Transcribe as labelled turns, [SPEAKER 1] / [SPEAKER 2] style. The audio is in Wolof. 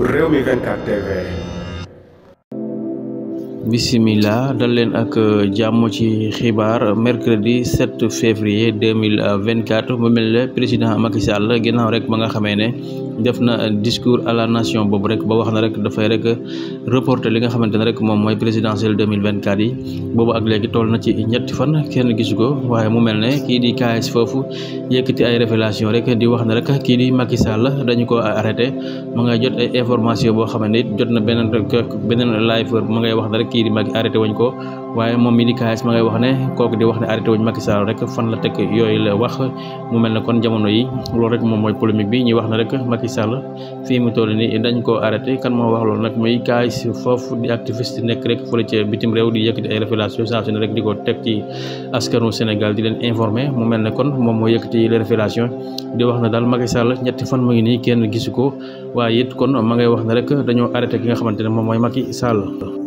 [SPEAKER 1] Realme 24
[SPEAKER 2] Bismillah dal len ak jamm ci xibar mercredi 7 février 2024 mo eh, melne président Macky Sall ginaaw rek ma nga xamé def na discours à la nation boobu rek ba wax na rek dafay rek reporter li nga xamante ne rek moom mooy présidentielle 2024 yi boobu ak léegi toll na ci ñetti fan kenn gisu ko waaye di KS foofu yëkkati ay ko arrêté mu ngay jot boo xamante ne jot na beneen beneen live ma ngay wax ne rek kii di Macky arrêté wuñ ko waaye moom mi di KS ma ngay wax ne kooku di wax ne arrêté wuñ Macky Sall rek fan la teg yooyu la wax mu mel ne kon jamono yi loolu rek moom mooy polémique bi ñuy wax ne rek Macky Sall fii mu toll nii dañ koo arrêté kan moo wax loolu nag muy kaay si foofu di activiste nekk rek fële ca bitim réew di yëkkati ay révélation saa su ne rek di ko teg ci askanu Sénégal di leen informer mu mel ne kon moom moo yëkkati les révélation di wax na daal Macky Sall ñetti fan mu ngi nii kenn gisu ko waaye it kon ma ngay wax ne rek dañoo arrêté ki nga xamante ne moom mooy Macky Sall.